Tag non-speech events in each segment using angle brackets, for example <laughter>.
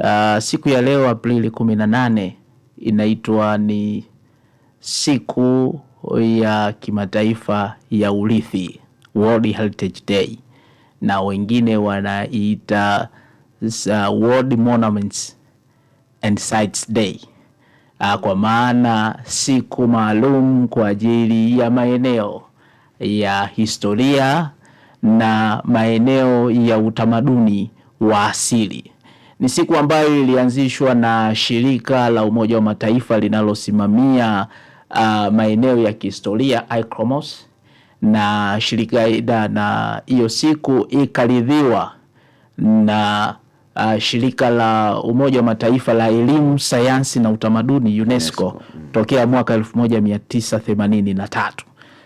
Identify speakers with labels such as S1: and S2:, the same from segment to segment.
S1: Uh, siku ya leo Aprili kumi na nane inaitwa ni siku ya kimataifa ya urithi, World Heritage Day, na wengine wanaiita World Monuments and Sites Day uh, kwa maana siku maalum kwa ajili ya maeneo ya historia na maeneo ya utamaduni wa asili. Ni siku ambayo ilianzishwa na shirika la Umoja wa Mataifa linalosimamia uh, maeneo ya kihistoria ICROMOS, na shirika ida, na hiyo siku ikaridhiwa na uh, shirika la Umoja wa Mataifa la elimu, sayansi na utamaduni UNESCO, UNESCO. Mm. tokea mwaka 1983.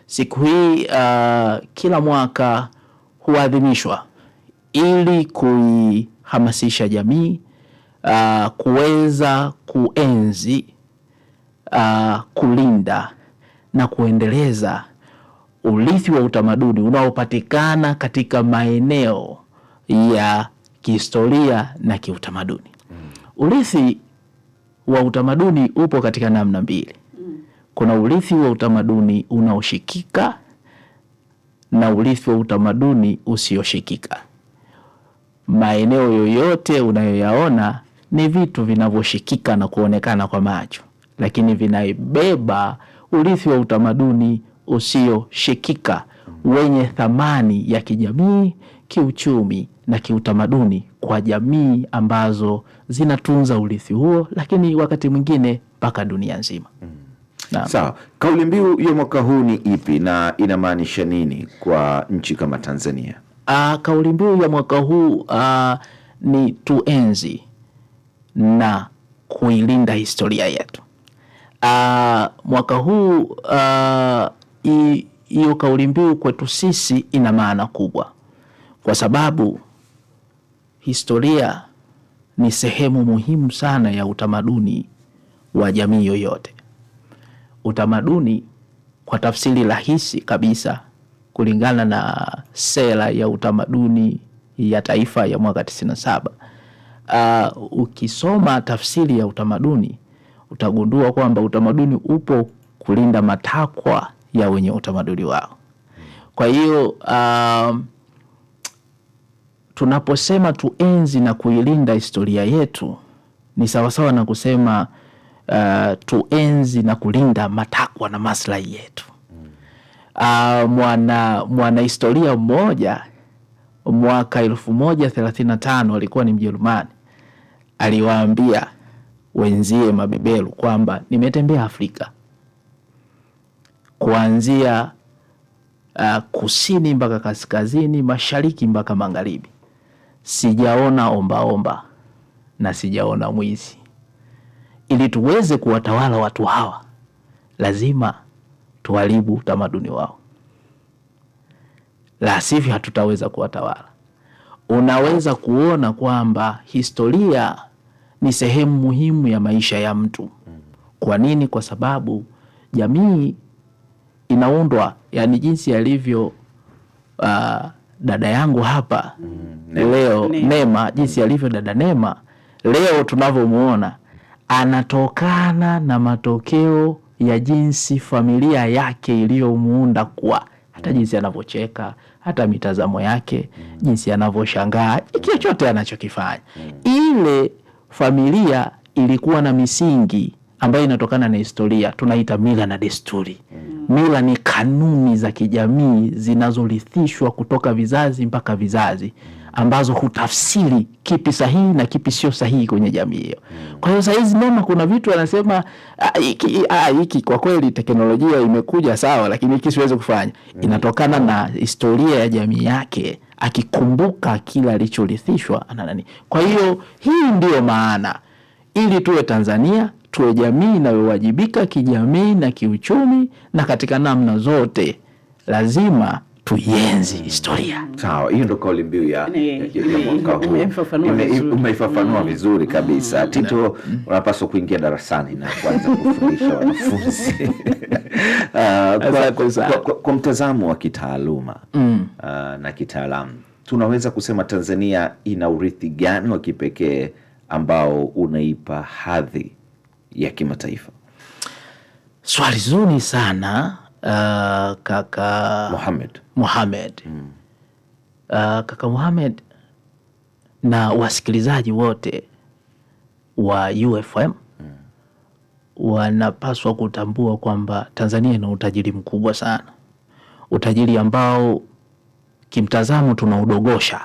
S1: Siku hii uh, kila mwaka huadhimishwa ili kui kuhamasisha jamii uh, kuweza kuenzi uh, kulinda na kuendeleza urithi wa utamaduni unaopatikana katika maeneo ya kihistoria na kiutamaduni. Hmm. Urithi wa utamaduni upo katika namna mbili. Hmm. Kuna urithi wa utamaduni unaoshikika na urithi wa utamaduni usioshikika maeneo yoyote unayoyaona ni vitu vinavyoshikika na kuonekana kwa macho, lakini vinaibeba urithi wa utamaduni usioshikika wenye thamani ya kijamii, kiuchumi na kiutamaduni kwa jamii ambazo zinatunza urithi huo, lakini wakati mwingine mpaka dunia nzima.
S2: Sawa, kauli mbiu ya mwaka huu ni ipi na inamaanisha nini kwa nchi kama Tanzania?
S1: Uh, kauli mbiu ya mwaka huu uh, ni tuenzi na kuilinda historia yetu. Uh, mwaka huu hiyo uh, kauli mbiu kwetu sisi ina maana kubwa, kwa sababu historia ni sehemu muhimu sana ya utamaduni wa jamii yoyote. Utamaduni kwa tafsiri rahisi kabisa kulingana na sera ya utamaduni ya taifa ya mwaka 97. Uh, ukisoma tafsiri ya utamaduni utagundua kwamba utamaduni upo kulinda matakwa ya wenye utamaduni wao. Kwa hiyo uh, tunaposema tuenzi na kuilinda historia yetu ni sawasawa na kusema uh, tuenzi na kulinda matakwa na maslahi yetu uh, mwana mwanahistoria mmoja mwaka elfu moja thelathini na tano alikuwa ni Mjerumani, aliwaambia wenzie mabeberu kwamba nimetembea Afrika kuanzia uh, kusini mpaka kaskazini, mashariki mpaka magharibi, sijaona ombaomba omba, na sijaona mwizi. Ili tuweze kuwatawala watu hawa lazima tuharibu utamaduni wao, la sivyo hatutaweza kuwatawala. Unaweza kuona kwamba historia ni sehemu muhimu ya maisha ya mtu. Kwa nini? Kwa sababu jamii inaundwa, yani jinsi yalivyo uh, dada yangu hapa mm, leo Nema, Nema jinsi alivyo dada Nema leo tunavyomuona anatokana na matokeo ya jinsi familia yake iliyomuunda kuwa hata mm. jinsi anavyocheka, hata mitazamo yake, mm. jinsi anavyoshangaa chochote anachokifanya. Mm. Ile familia ilikuwa na misingi ambayo inatokana na historia, tunaita mila na desturi. Mila ni kanuni za kijamii zinazorithishwa kutoka vizazi mpaka vizazi ambazo hutafsiri kipi sahihi na kipi sio sahihi kwenye jamii hiyo. Kwa hiyo saizi mama, kuna vitu anasema ah, ah, hiki, kwa kweli teknolojia imekuja sawa, lakini hiki siwezi kufanya. Mm. Inatokana na historia ya jamii yake, akikumbuka kila alichorithishwa ana nani. Kwa hiyo hii ndiyo maana ili tuwe Tanzania tuwe jamii inayowajibika kijamii na kiuchumi na katika namna zote lazima tuienzi historia.
S2: Sawa, hiyo ndo kauli mbiu ya mwaka huu, umeifafanua mm. vizuri kabisa. Mm. Tito, mm. unapaswa kuingia darasani na kuanza kufundisha <laughs> wanafunzi <laughs> ah, kwa mtazamo wa kitaaluma ah, na kitaalamu. Tunaweza kusema Tanzania ina urithi gani wa kipekee ambao unaipa hadhi ya kimataifa?
S1: Swali zuri sana uh, kaka Muhammad, Muhammad. Mm. Uh, kaka Muhammad na wasikilizaji wote wa UFM mm. wanapaswa kutambua kwamba Tanzania ina utajiri mkubwa sana, utajiri ambao kimtazamo tunaudogosha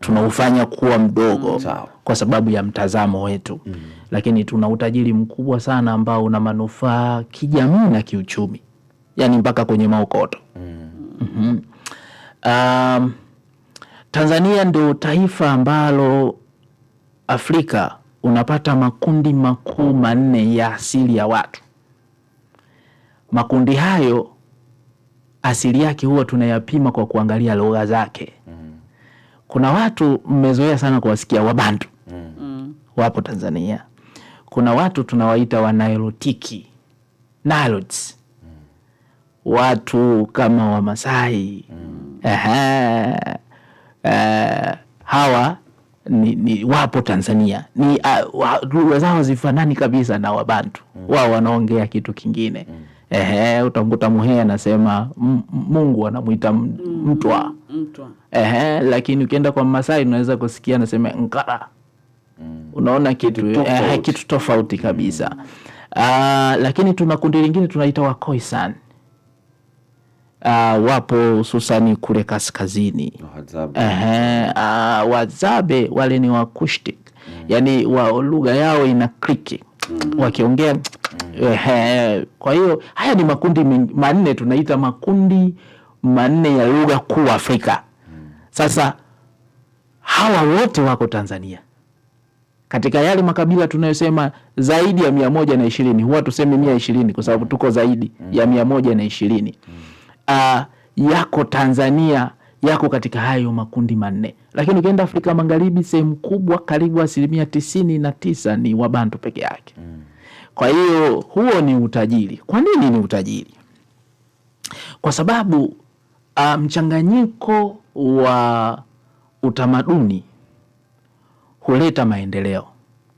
S1: tunaufanya kuwa mdogo mm. kwa sababu ya mtazamo wetu mm. Lakini tuna utajiri mkubwa sana ambao una manufaa kijamii na kiuchumi yani mpaka kwenye maokoto mm. mm -hmm. um, Tanzania ndo taifa ambalo Afrika unapata makundi makuu manne ya asili ya watu. Makundi hayo asili yake huwa tunayapima kwa kuangalia lugha zake. Kuna watu mmezoea sana kuwasikia Wabantu mm. wapo Tanzania. Kuna watu tunawaita Wanailotiki Nilotes watu kama Wamasai mm. Eh, hawa ni, ni wapo Tanzania ni lugha zao zifanani kabisa na Wabantu mm. wao wanaongea kitu kingine mm. Ehe, utamkuta muhee anasema Mungu anamwita mm, mtwa Ehe, lakini ukienda kwa Masai unaweza kusikia anasema nkara mm. unaona kitu tofauti, kitu tofauti kabisa mm. uh, lakini tuna kundi lingine tunaita Wakoisan uh, wapo hususani kule kaskazini wazabe Uh, wazabe wale ni wakushti mm. Yani wa lugha yao ina kriki mm. wakiongea mm. kwa hiyo haya ni makundi manne tunaita makundi manne ya lugha kuu Afrika mm. Sasa hawa wote wako Tanzania katika yale makabila tunayosema zaidi ya mia moja na ishirini huwa tuseme mia ishirini kwa sababu tuko zaidi ya mm. mia moja na ishirini mm uh, yako Tanzania yako katika hayo makundi manne, lakini ukienda Afrika Magharibi sehemu kubwa, karibu asilimia tisini na tisa ni Wabantu peke yake Kwa hiyo huo ni utajiri. Kwa nini ni utajiri? Kwa sababu uh, mchanganyiko wa utamaduni huleta maendeleo.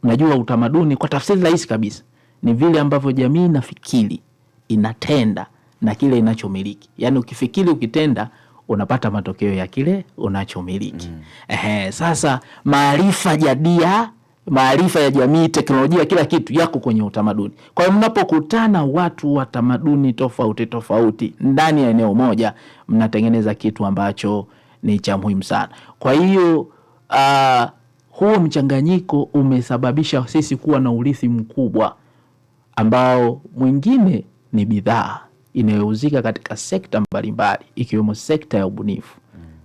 S1: Unajua, utamaduni kwa tafsiri rahisi kabisa ni vile ambavyo jamii nafikiri inatenda na kile inachomiliki. Yaani ukifikiri ukitenda unapata matokeo ya kile unachomiliki. Mm. Ehe, sasa maarifa jadia, maarifa ya jamii, teknolojia, kila kitu yako kwenye utamaduni. Kwa hiyo mnapokutana watu wa tamaduni tofauti tofauti ndani ya eneo moja, mnatengeneza kitu ambacho ni cha muhimu sana. Kwa hiyo uh, huo mchanganyiko umesababisha sisi kuwa na urithi mkubwa ambao mwingine ni bidhaa inayohusika katika sekta mbalimbali ikiwemo sekta ya ubunifu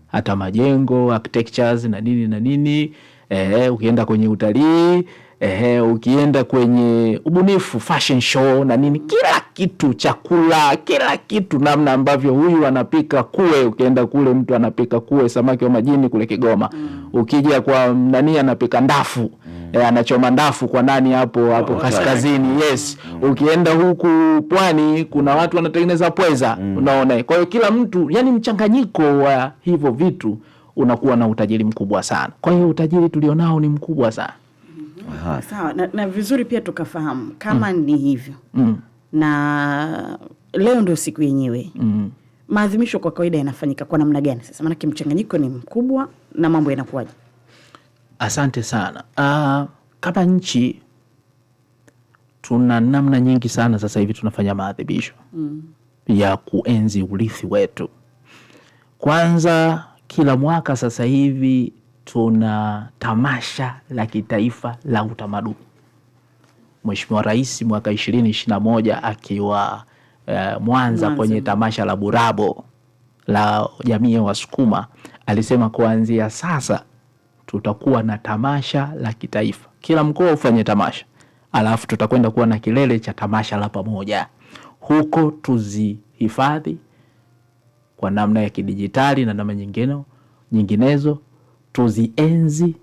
S1: hata majengo architectures na nini na nini ehe, ukienda kwenye utalii ehe, ukienda kwenye ubunifu fashion show na nini, kila kitu, chakula, kila kitu, namna ambavyo huyu anapika kue. Ukienda kule mtu anapika kue, samaki wa majini kule Kigoma mm. Ukija kwa nani anapika ndafu e, anachoma ndafu kwa nani hapo hapo oh, kaskazini. Yes, mm. ukienda huku pwani kuna mm. watu wanatengeneza pweza, mm. unaona. Kwa hiyo kila mtu, yani mchanganyiko wa hivyo vitu unakuwa na utajiri mkubwa sana. Kwa hiyo utajiri tulionao ni mkubwa sana.
S3: Aha. Sawa na, na vizuri pia tukafahamu kama mm. ni hivyo mm. na leo ndio siku yenyewe mm. maadhimisho kwa kawaida yanafanyika kwa namna gani sasa? Maanake mchanganyiko ni mkubwa na mambo yanakuwaje?
S1: Asante sana. Uh, kama nchi tuna namna nyingi sana sasa hivi tunafanya maadhibisho mm. ya kuenzi urithi wetu. Kwanza, kila mwaka sasa hivi tuna tamasha la kitaifa la utamaduni. Mheshimiwa Rais mwaka ishirini ishirini na moja akiwa uh, Mwanza, Mwanza kwenye tamasha la burabo la jamii ya Wasukuma alisema kuanzia sasa tutakuwa na tamasha la kitaifa, kila mkoa ufanye tamasha, alafu tutakwenda kuwa na kilele cha tamasha la pamoja. Huko tuzihifadhi kwa namna ya kidijitali na namna nyingine nyinginezo, tuzienzi,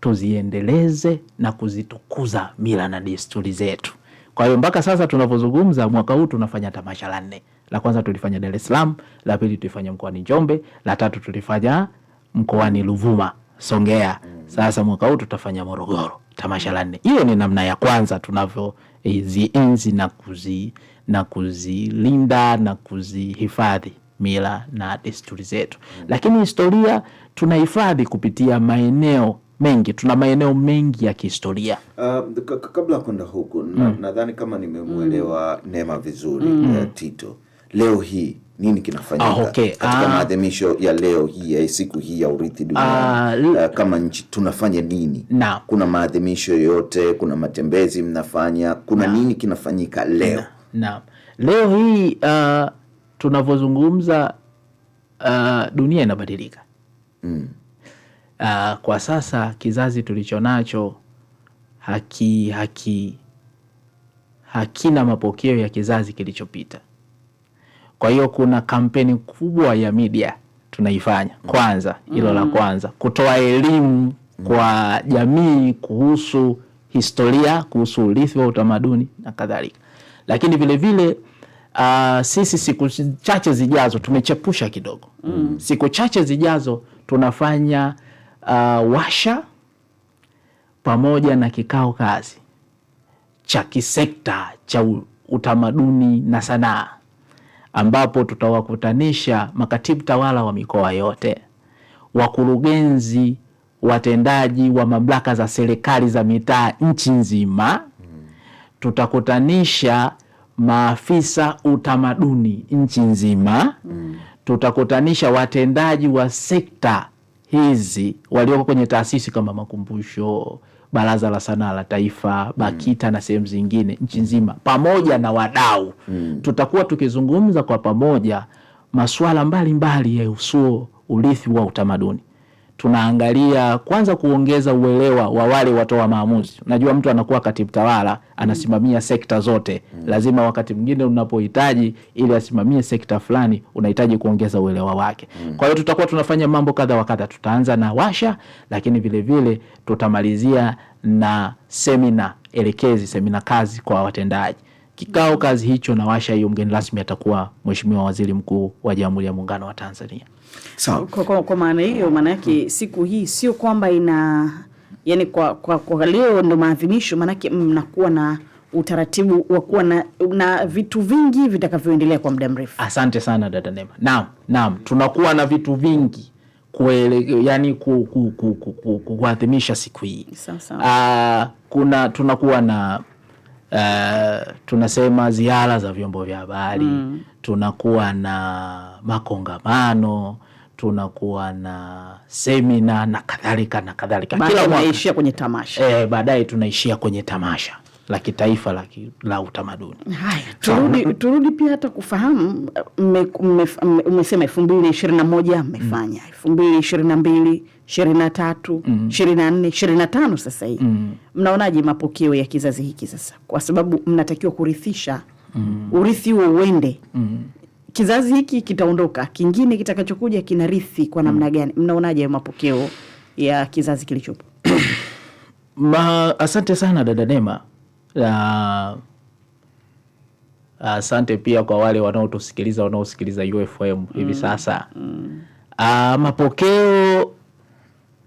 S1: tuziendeleze na kuzitukuza mila na desturi zetu. Kwa hiyo mpaka sasa tunavyozungumza, mwaka huu tunafanya tamasha la nne. La kwanza tulifanya Dar es Salaam, la pili tulifanya mkoani Njombe, la tatu tulifanya mkoani Ruvuma. Songea. Sasa mwaka huu tutafanya Morogoro tamasha la nne. Hiyo ni namna ya kwanza tunavyozienzi eh, na kuzi na kuzilinda na kuzihifadhi mila na desturi zetu, lakini historia tunahifadhi kupitia maeneo mengi. Tuna maeneo mengi ya kihistoria.
S2: Uh, kabla ya kwenda huku mm. nadhani na kama mm. nimemwelewa mm. Neema vizuri mm. Uh, Tito leo hii nini kinafanyika ah, okay. katika ah, maadhimisho ya leo hii ya siku hii ya urithi duniani ah, eh, kama nchi tunafanya nini na, kuna maadhimisho yoyote, kuna matembezi mnafanya, kuna na, nini kinafanyika leo na,
S1: na. Leo hii uh, tunavyozungumza uh, dunia inabadilika mm. uh, kwa sasa kizazi tulicho nacho haki haki hakina mapokeo ya kizazi kilichopita kwa hiyo kuna kampeni kubwa ya media tunaifanya. Kwanza hilo mm la kwanza, kutoa elimu kwa jamii kuhusu historia, kuhusu urithi wa utamaduni na kadhalika, lakini vilevile Uh, ah, sisi siku chache zijazo tumechepusha kidogo mm. Siku chache zijazo tunafanya uh, washa pamoja na kikao kazi cha kisekta cha utamaduni na sanaa ambapo tutawakutanisha makatibu tawala wa mikoa yote, wakurugenzi watendaji wa mamlaka za serikali za mitaa nchi nzima. Tutakutanisha maafisa utamaduni nchi nzima. Mm. Tutakutanisha watendaji wa sekta hizi walioko kwenye taasisi kama makumbusho, Baraza la Sanaa la Taifa, BAKITA mm. na sehemu zingine nchi nzima, pamoja na wadau mm. tutakuwa tukizungumza kwa pamoja masuala mbalimbali ya usuo, urithi wa utamaduni tunaangalia kwanza kuongeza uelewa wa wale watoa maamuzi. Unajua, mtu anakuwa katibu tawala anasimamia sekta zote, lazima wakati mwingine unapohitaji ili asimamie sekta fulani unahitaji kuongeza uelewa wake. Kwa hiyo tutakuwa tunafanya mambo kadha wa kadha, tutaanza na washa, lakini vilevile tutamalizia na semina elekezi, semina kazi kwa watendaji. Kikao kazi hicho na washa hiyo, mgeni rasmi atakuwa Mheshimiwa Waziri Mkuu wa Jamhuri ya Muungano wa Tanzania.
S3: Sawa. Kwa, kwa maana hiyo, maana yake mm. siku hii sio kwamba ina yani kwa, kwa, kwa leo ndo maadhimisho, maanake mnakuwa na utaratibu wa kuwa na, na vitu vingi vitakavyoendelea kwa muda mrefu.
S1: Asante sana dada Nema. Naam, naam, tunakuwa na vitu vingi kuele, yani ku, ku, ku, ku, ku, siku hii. Sawa sawa. Ah, kuna tunakuwa na uh, tunasema ziara za vyombo vya habari mm. tunakuwa na makongamano tunakuwa na semina na kadhalika na kadhalika, kila mwaka tunaishia
S3: kwenye tamasha
S1: eh, baadaye tunaishia kwenye tamasha la kitaifa la, la utamaduni.
S3: Haya, turudi, turudi pia hata kufahamu umesema elfu mbili ishirini na moja mmefanya elfu mbili ishirini na mbili ishirini na tatu ishirini na nne ishirini na tano sasa mnaonaje mapokeo ya kizazi hiki sasa, kwa sababu mnatakiwa kurithisha mm. urithi huo uende mm. kizazi hiki kitaondoka, kingine kitakachokuja kinarithi kwa namna gani? Mnaonaje mapokeo ya kizazi kilichopo? <coughs>
S1: Ma, asante sana dada Nema. Asante uh, pia kwa wale wanaotusikiliza wanaosikiliza UFM mm, hivi sasa mm. Uh, mapokeo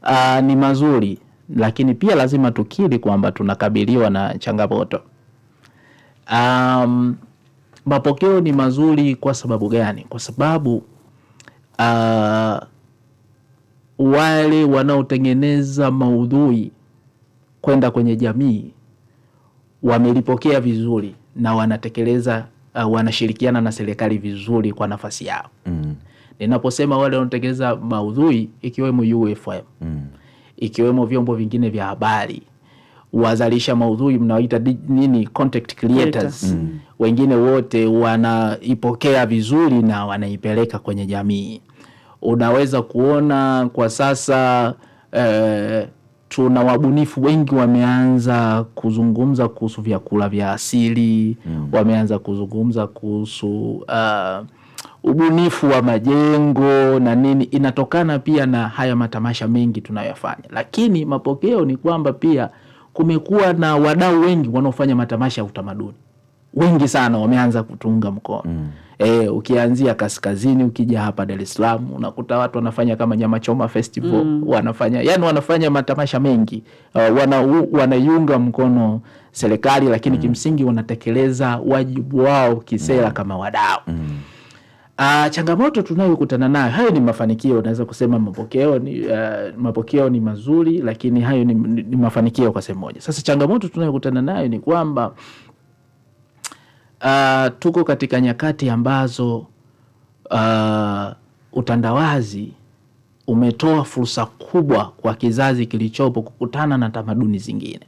S1: uh, ni mazuri, lakini pia lazima tukiri kwamba tunakabiliwa na changamoto um, mapokeo ni mazuri kwa sababu gani? Kwa sababu uh, wale wanaotengeneza maudhui kwenda kwenye jamii wamelipokea vizuri na wanatekeleza uh, wanashirikiana na serikali vizuri kwa nafasi yao mm. Ninaposema wale wanaotekeleza maudhui ikiwemo UFM mm. ikiwemo vyombo vingine vya habari wazalisha maudhui mnawaita nini, content creators mm. wengine wote wanaipokea vizuri na wanaipeleka kwenye jamii. Unaweza kuona kwa sasa eh, tuna wabunifu wengi wameanza kuzungumza kuhusu vyakula vya asili mm. Wameanza kuzungumza kuhusu uh, ubunifu wa majengo na nini, inatokana pia na haya matamasha mengi tunayoyafanya, lakini mapokeo ni kwamba pia kumekuwa na wadau wengi wanaofanya matamasha ya utamaduni wengi sana wameanza kutunga mkono mm eh, ukianzia kaskazini ukija hapa Dar es Salaam unakuta watu wanafanya kama nyama choma festival mm. wanafanya yani wanafanya matamasha mengi uh, wana, u, wanaiunga mkono serikali lakini mm. kimsingi wanatekeleza wajibu wao kisera mm. kama wadau mm. Uh, changamoto tunayokutana nayo, hayo ni mafanikio, unaweza kusema mapokeo ni, uh, mapokeo ni mazuri, lakini hayo ni, ni, ni mafanikio kwa sehemu moja. Sasa changamoto tunayokutana nayo ni kwamba uh, tuko katika nyakati ambazo uh, utandawazi umetoa fursa kubwa kwa kizazi kilichopo kukutana na tamaduni zingine,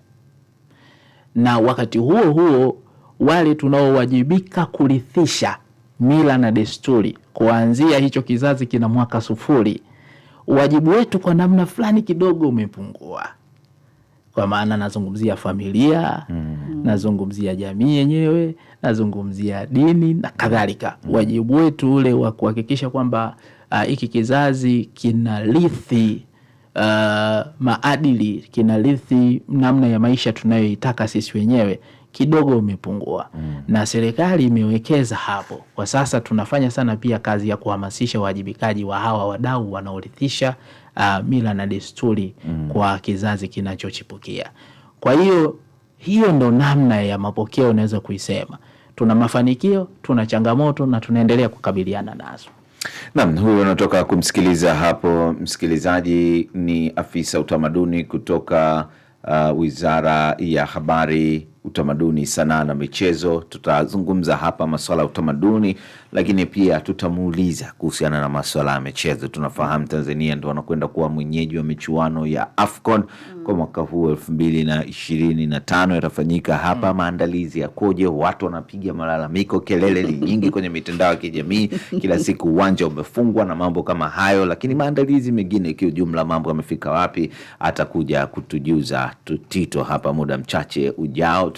S1: na wakati huo huo wale tunaowajibika kurithisha mila na desturi kuanzia hicho kizazi kina mwaka sufuri, wajibu wetu kwa namna fulani kidogo umepungua kwa maana nazungumzia familia mm. nazungumzia jamii yenyewe, nazungumzia dini na kadhalika mm. wajibu wetu ule wa kuhakikisha kwamba uh, hiki uh, kizazi kinarithi uh, maadili, kinarithi namna ya maisha tunayoitaka sisi wenyewe kidogo umepungua mm. na serikali imewekeza hapo. Kwa sasa tunafanya sana pia kazi ya kuhamasisha uwajibikaji wa hawa wadau wanaorithisha uh, mila na desturi mm. kwa kizazi kinachochipukia. Kwa hiyo hiyo ndo namna ya mapokeo unaweza kuisema. Tuna mafanikio, tuna changamoto na tunaendelea kukabiliana nazo.
S2: Naam, huyu unatoka kumsikiliza hapo msikilizaji ni afisa utamaduni kutoka uh, Wizara ya Habari utamaduni, sanaa na michezo. Tutazungumza hapa maswala ya utamaduni, lakini pia tutamuuliza kuhusiana na maswala ya michezo. Tunafahamu Tanzania ndo wanakwenda kuwa mwenyeji wa michuano ya AFCON mm. kwa mwaka huu elfu mbili na ishirini na tano yatafanyika hapa mm. maandalizi yakoje? Watu wanapiga malalamiko, kelele ni nyingi kwenye mitandao ya kijamii kila siku, uwanja umefungwa na mambo kama hayo, lakini maandalizi mengine kiujumla, mambo yamefika wapi? Atakuja kutujuza Tito hapa muda mchache ujao.